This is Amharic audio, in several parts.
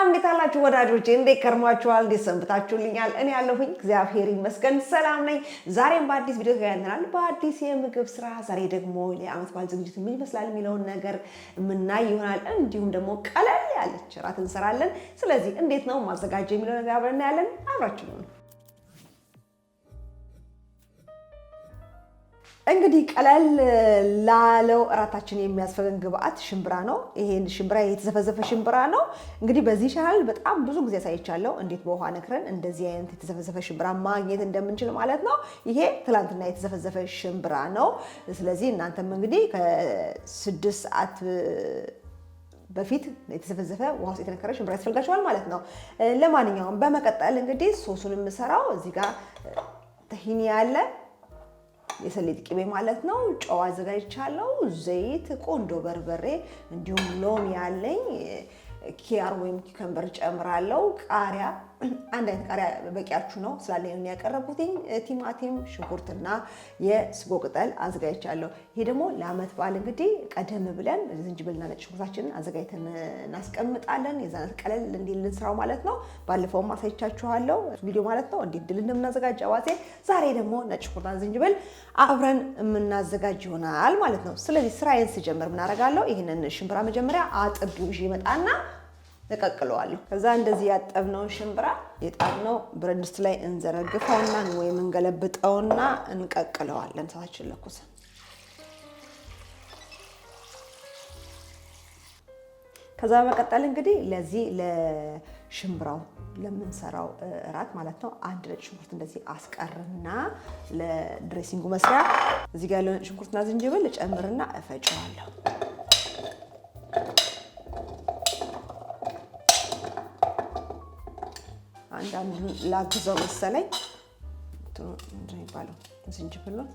ሰላም እንዴት አላችሁ ወዳጆቼ? እንዴት ከርማችኋል? እንዴት ሰንብታችሁልኛል? እኔ ያለሁኝ እግዚአብሔር ይመስገን ሰላም ነኝ። ዛሬም በአዲስ ቪዲዮ ተገናኝተናል፣ በአዲስ የምግብ ስራ። ዛሬ ደግሞ የዓመት በዓል ዝግጅት ምን ይመስላል የሚለውን ነገር የምናይ ይሆናል። እንዲሁም ደግሞ ቀለል ያለች እራት እንሰራለን። ስለዚህ እንዴት ነው ማዘጋጀ የሚለው ነገር አብረን እናያለን። አብራችሁ ነው እንግዲህ ቀለል ላለው እራታችን የሚያስፈልገን ግብአት ሽምብራ ነው። ይሄን ሽምብራ የተዘፈዘፈ ሽምብራ ነው። እንግዲህ በዚህ ቻናል በጣም ብዙ ጊዜ አሳይቻለሁ፣ እንዴት በውሃ ነክረን እንደዚህ አይነት የተዘፈዘፈ ሽምብራ ማግኘት እንደምንችል ማለት ነው። ይሄ ትላንትና የተዘፈዘፈ ሽምብራ ነው። ስለዚህ እናንተም እንግዲህ ከስድስት ሰዓት በፊት የተዘፈዘፈ ውሃ ውስጥ የተነከረ ሽምብራ ያስፈልጋቸዋል ማለት ነው። ለማንኛውም በመቀጠል እንግዲህ ሶሱን የምሰራው እዚህ ጋር ተሂኒ ያለ የሰሊጥ ቅቤ ማለት ነው። ጨው አዘጋጅቻለሁ። ዘይት፣ ቆንዶ በርበሬ እንዲሁም ሎሚ ያለኝ ኪያር ወይም ኪከምበር ጨምራለሁ። ቃሪያ አንድ አይነት ቃሪያ በቂያችሁ ነው ስላለኝ ያቀረብኩትኝ። ቲማቲም፣ ሽንኩርትና የስጎ ቅጠል አዘጋጅቻለሁ። ይሄ ደግሞ ለአመት በዓል እንግዲህ ቀደም ብለን ዝንጅብልና ነጭ ሽንኩርታችንን አዘጋጅተን እናስቀምጣለን። የዛነት ቀለል እንዲልን ስራው ማለት ነው። ባለፈውም አሳይቻችኋለሁ ቪዲዮ ማለት ነው እንዴት ድል እንደምናዘጋጅ አዋዜ። ዛሬ ደግሞ ነጭ ሽንኩርትና ዝንጅብል አብረን የምናዘጋጅ ይሆናል ማለት ነው። ስለዚህ ስራዬን ስጀምር ምናደርጋለሁ? ይህንን ሽንብራ መጀመሪያ አጥቢው ይመጣና እቀቅለዋለሁ። ከዛ እንደዚህ ያጠብነውን ሽምብራ የጣድነው ብረት ድስት ላይ እንዘረግፈውና ወይም እንገለብጠውና እንቀቅለዋለን እሳታችን ለኩሰን ከዛ በመቀጠል እንግዲህ ለዚህ ለሽምብራው ለምንሰራው እራት ማለት ነው አንድ ነጭ ሽንኩርት እንደዚህ አስቀርና ለድሬሲንጉ መስሪያ እዚህ ጋር ያለውን ሽንኩርትና ዝንጅብል ጨምርና እፈጨዋለሁ። አንዳንድ ላግዘው መሰለኝ የሚባለው ዝንጅብሉን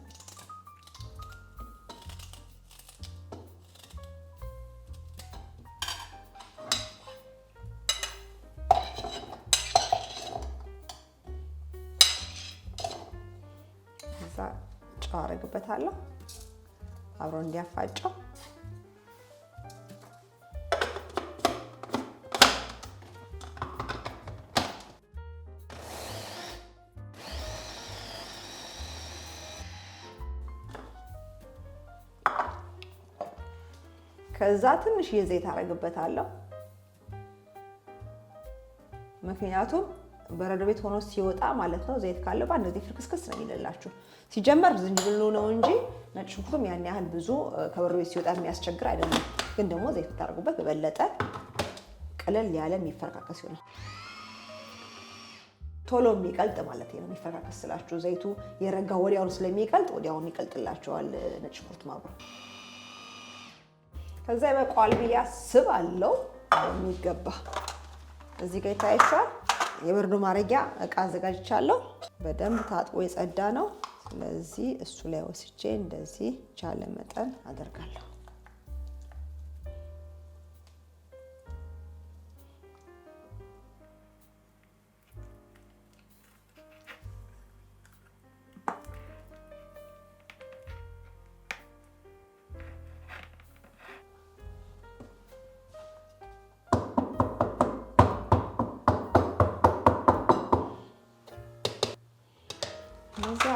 ከዛ ጨው አደርግበታለሁ አብሮ እንዲያፋጨው ከዛ ትንሽዬ ዘይት አለው። ምክንያቱም በረዶ ቤት ሆኖ ሲወጣ ማለት ነው ዘይት ካለው ባንድ ጊዜ ፍርክስክስ ነው የሚልላችሁ። ሲጀመር ዝንጅብሉ ነው እንጂ ነጭ ሽንኩርቱም ያን ያህል ብዙ ከበረዶ ቤት ሲወጣ የሚያስቸግር አይደለም። ግን ደግሞ ዘይት ብታደርጉበት በበለጠ ቀለል ያለ የሚፈረካከስ ይሆናል። ቶሎ የሚቀልጥ ማለት ነው። የሚፈረካከስ ስላችሁ ዘይቱ የረጋ ወዲያውን ስለሚቀልጥ ወዲያውን ይቀልጥላችኋል ነጭ ሽንኩርት ማብሮ ከዛ ይበቃዋል ብዬ አስባለሁ። የሚገባ እዚህ ጋር ይታያችኋል። የብርዱ ማድረጊያ እቃ አዘጋጅቻለሁ። በደንብ ታጥቦ የጸዳ ነው። ስለዚህ እሱ ላይ ወስጄ እንደዚህ ቻለ መጠን አደርጋለሁ።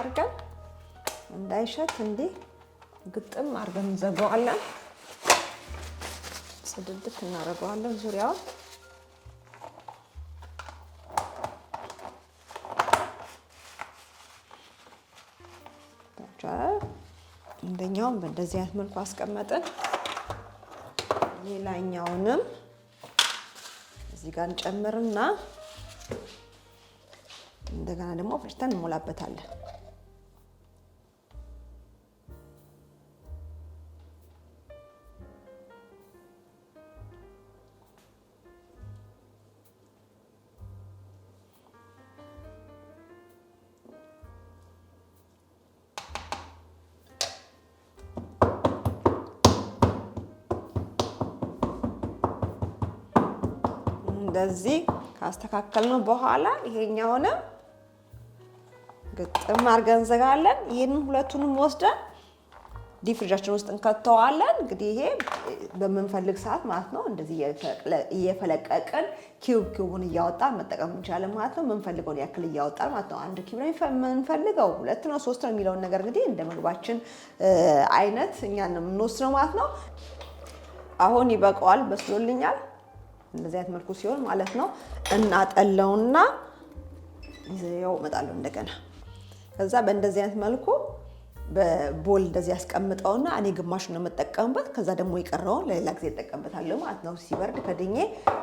አድርገን እንዳይሸት እንዲህ ግጥም አድርገን እንዘጋዋለን። ስድድት እናደርገዋለን ዙሪያውን አንደኛውን በእንደዚህ አይነት መልኩ አስቀመጥን። ሌላኛውንም እዚህ ጋር እንጨምርና እንደገና ደግሞ ፈጭተን እንሞላበታለን። እንደዚህ ካስተካከልን በኋላ ይሄኛውንም ግጥም አድርገን እንዘጋለን። ይህንን ሁለቱንም ወስደን ዲፍሪጃችን ውስጥ እንከተዋለን። እንግዲህ ይሄ በምንፈልግ ሰዓት ማለት ነው። እንደዚህ እየፈለቀቅን ኪዩብ ኪዩቡን እያወጣን መጠቀም እንችላለን ማለት ነው። የምንፈልገውን ያክል እያወጣን ማለት ነው። አንድ ኪዩብ ነው የምንፈልገው፣ ሁለት ነው፣ ሶስት ነው የሚለውን ነገር እንግዲህ እንደ ምግባችን አይነት እኛን ነው ማለት ነው። አሁን ይበቃዋል፣ በስሎልኛል። እንደዚህ አይነት መልኩ ሲሆን ማለት ነው። እናጠለውና ይዘው እመጣለሁ እንደገና። ከዛ በእንደዚህ አይነት መልኩ በቦል እንደዚህ ያስቀምጠውና እኔ ግማሹን ነው የምጠቀምበት። ከዛ ደግሞ የቀረውን ለሌላ ጊዜ እጠቀምበታለሁ ማለት ነው፣ ሲበርድ ከድኜ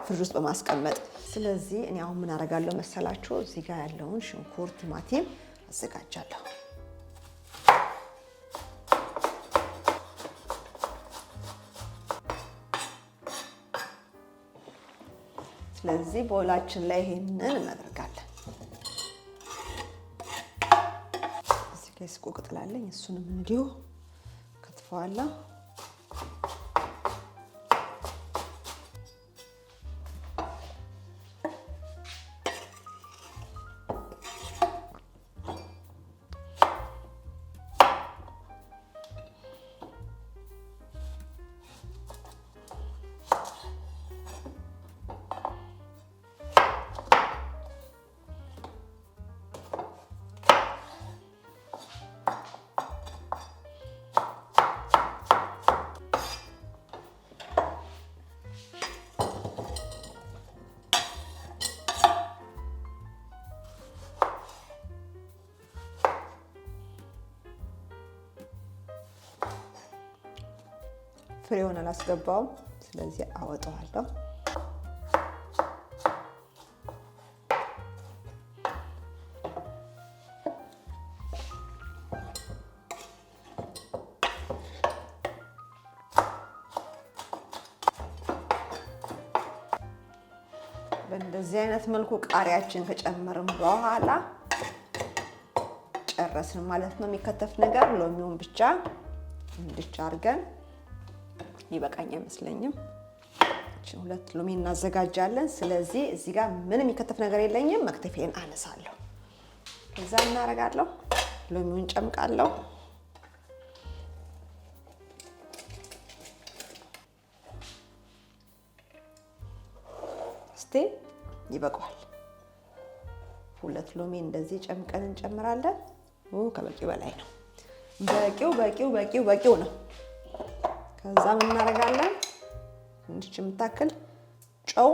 ፍሪጅ ውስጥ በማስቀመጥ። ስለዚህ እኔ አሁን ምን አደርጋለሁ መሰላችሁ? እዚህ ጋር ያለውን ሽንኩርት፣ ቲማቲም አዘጋጃለሁ። ስለዚህ ቦላችን ላይ ይሄንን እናደርጋለን። እዚህ ጋር ስቆ እሱንም እንዲሁ ከትፈዋለሁ። ፍሬውን አላስገባውም። ስለዚህ አወጣዋለሁ። በእንደዚህ አይነት መልኩ ቃሪያችን ከጨመርን በኋላ ጨረስን ማለት ነው። የሚከተፍ ነገር ሎሚውን ብቻ እንድቻ አድርገን ይበቃኝ አይመስለኝም። ሁለት ሎሚ እናዘጋጃለን። ስለዚህ እዚህ ጋር ምንም የሚከተፍ ነገር የለኝም። መክተፌን አነሳለሁ፣ እዛ እናደርጋለሁ። ሎሚውን ጨምቃለሁ። እስቲ ይበቃዋል። ሁለት ሎሚ እንደዚህ ጨምቀን እንጨምራለን። ከበቂው በላይ ነው። በቂው በቂው በቂው በቂው ነው። ከዛ ምን እናደርጋለን? ትንሽ የምታክል ጨው፣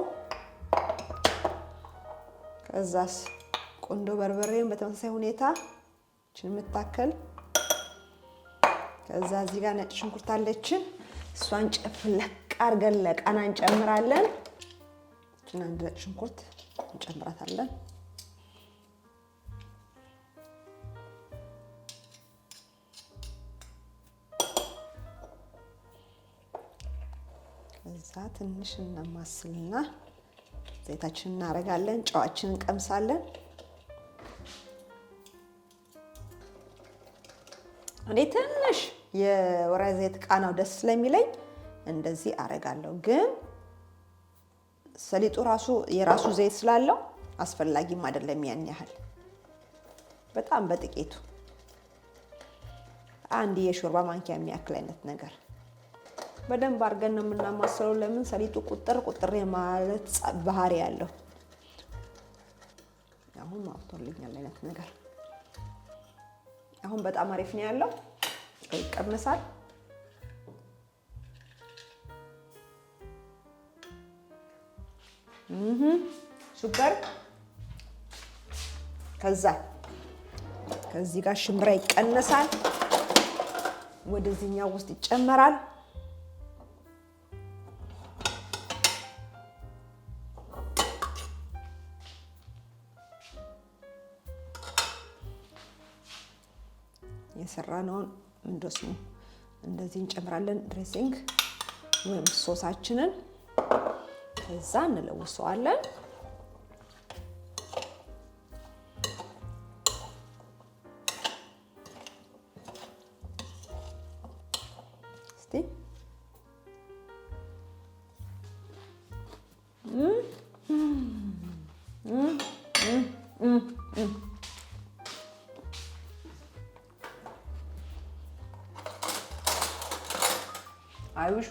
ከዛስ ቆንዶ በርበሬን በተመሳሳይ ሁኔታ እችን የምታክል ከዛ እዚህ ጋር ነጭ ሽንኩርት አለችን። እሷን ጨፍለቅ አድርገን ለቃና እንጨምራለን። እችን አንድ ነጭ ሽንኩርት እንጨምራታለን። ከዛ ትንሽ እናማስልና ዘይታችን እናደርጋለን። ጨዋችንን እንቀምሳለን። እኔ ትንሽ የወይራ ዘይት ቃናው ደስ ስለሚለኝ እንደዚህ አደርጋለሁ። ግን ሰሊጡ ራሱ የራሱ ዘይት ስላለው አስፈላጊም አይደለም ያን ያህል በጣም በጥቂቱ አንድ የሾርባ ማንኪያ የሚያክል አይነት ነገር በደንብ አድርገን ነው የምናማስለው። ለምን ሰሊጡ ቁጥር ቁጥር የማለት ባህሪ ያለው አሁን ማውቶልኛል አይነት ነገር አሁን በጣም አሪፍ ነው ያለው። ይቀመሳል። ሱፐር። ከዛ ከዚህ ጋር ሽምብራ ይቀነሳል፣ ወደዚህኛው ውስጥ ይጨመራል። የሰራ የሰራነውን እንደሱ እንደዚህ እንጨምራለን። ድሬሲንግ ወይም ሶሳችንን ከዛ እንለውሰዋለን።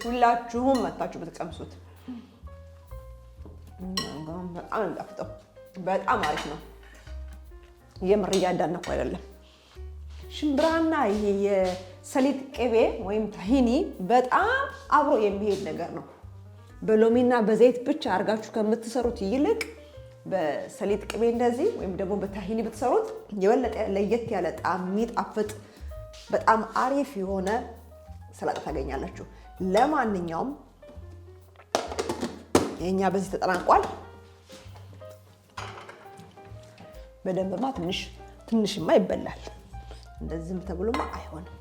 ሁላችሁም መታችሁ ብትቀምሱት በጣም የሚጣፍጠው። በጣም አሪፍ ነው። የምር እያዳነኩ አይደለም። ሽምብራና ይሄ የሰሊጥ ቅቤ ወይም ታሂኒ በጣም አብሮ የሚሄድ ነገር ነው። በሎሚና በዘይት ብቻ አድርጋችሁ ከምትሰሩት ይልቅ በሰሊጥ ቅቤ እንደዚህ ወይም ደግሞ በታሂኒ ብትሰሩት የበለጠ ለየት ያለ ጣም የሚጣፍጥ በጣም አሪፍ የሆነ ሰላጣ ታገኛላችሁ። ለማንኛውም የእኛ በዚህ ተጠናቋል። በደንብማ ትንሽ ትንሽማ ይበላል። እንደዚህም ተብሎማ አይሆንም።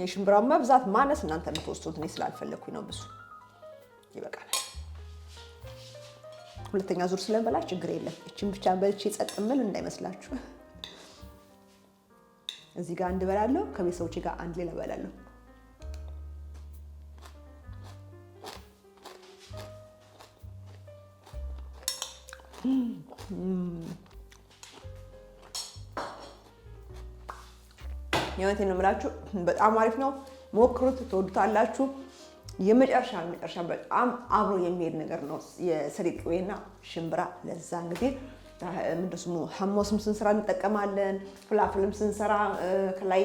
የሽምብራው መብዛት ማነስ እናንተ የምትወስዱት እኔ ስላልፈለግኩኝ ነው ብዙ ሁለተኛ ዙር ስለምበላ ችግር የለም። እችን ብቻ በልቼ ጸጥ እንዳይመስላችሁ። እዚህ ጋር አንድ በላለሁ፣ ከቤተሰቦቼ ጋር አንድ ሌላ በላለሁ። የእውነቴን ነው የምላችሁ፣ በጣም አሪፍ ነው። ሞክሩት፣ ትወዱታላችሁ። የመጨረሻ መጨረሻ በጣም አብሮ የሚሄድ ነገር ነው የስሪቅ ቅቤና ሽምብራ። ለዛ እንግዲህ ምንድን ስሙ ሐሞስም ስንሰራ እንጠቀማለን። ፍላፍልም ስንሰራ ከላይ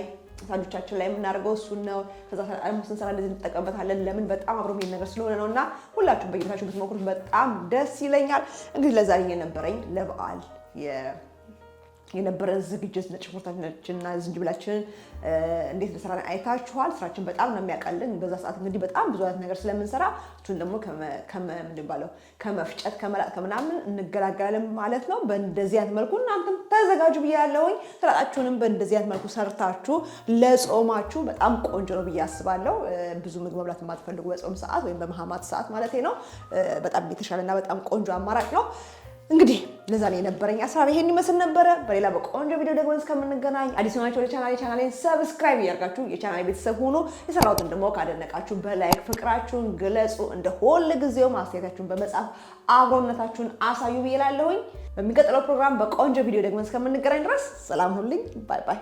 ሳንዶቻችን ላይ የምናደርገው እሱን ነው። ከዛ ደግሞ ስንሰራ እንደዚህ እንጠቀምበታለን። ለምን በጣም አብሮ የሚሄድ ነገር ስለሆነ ነው። እና ሁላችሁም በየቤታችሁ ብትሞክሩት በጣም ደስ ይለኛል። እንግዲህ ለዛሬ የነበረኝ ለበዓል የነበረን ዝግጅት ነጭ እና ዝንጅብላችን እንዴት ለስራ አይታችኋል። ስራችን በጣም ነው የሚያቀልን። በዛ ሰዓት እንግዲህ በጣም ብዙ አይነት ነገር ስለምንሰራ እሱን ደግሞ ምንባለው ከመፍጨት ከመላጥ ከምናምን እንገላገላለን ማለት ነው። በእንደዚህ አይነት መልኩ እናንተም ተዘጋጁ ብያለሁኝ። ስላጣችሁንም በእንደዚህ አይነት መልኩ ሰርታችሁ ለጾማችሁ በጣም ቆንጆ ነው ብዬ አስባለሁ። ብዙ ምግብ መብላት የማትፈልጉ በጾም ሰዓት ወይም በመሀማት ሰዓት ማለት ነው በጣም የተሻለና በጣም ቆንጆ አማራጭ ነው። እንግዲህ ለዛሬ የነበረኝ ሀሳብ ይሄን ይመስል ነበረ። በሌላ በቆንጆ ቪዲዮ ደግሞ እስከምንገናኝ አዲስ ሆናችሁ ለቻናሌ ቻናሌን ሰብስክራይብ እያደርጋችሁ የቻናሌ ቤተሰብ ሆኖ የሰራሁትን ደግሞ ካደነቃችሁ በላይክ ፍቅራችሁን ግለጹ። እንደ ሁል ጊዜው አስተያየታችሁን በመጻፍ አብሮነታችሁን አሳዩ ብዬላለሁኝ። በሚቀጥለው ፕሮግራም በቆንጆ ቪዲዮ ደግሞ እስከምንገናኝ ድረስ ሰላም ሁልኝ። ባይ ባይ።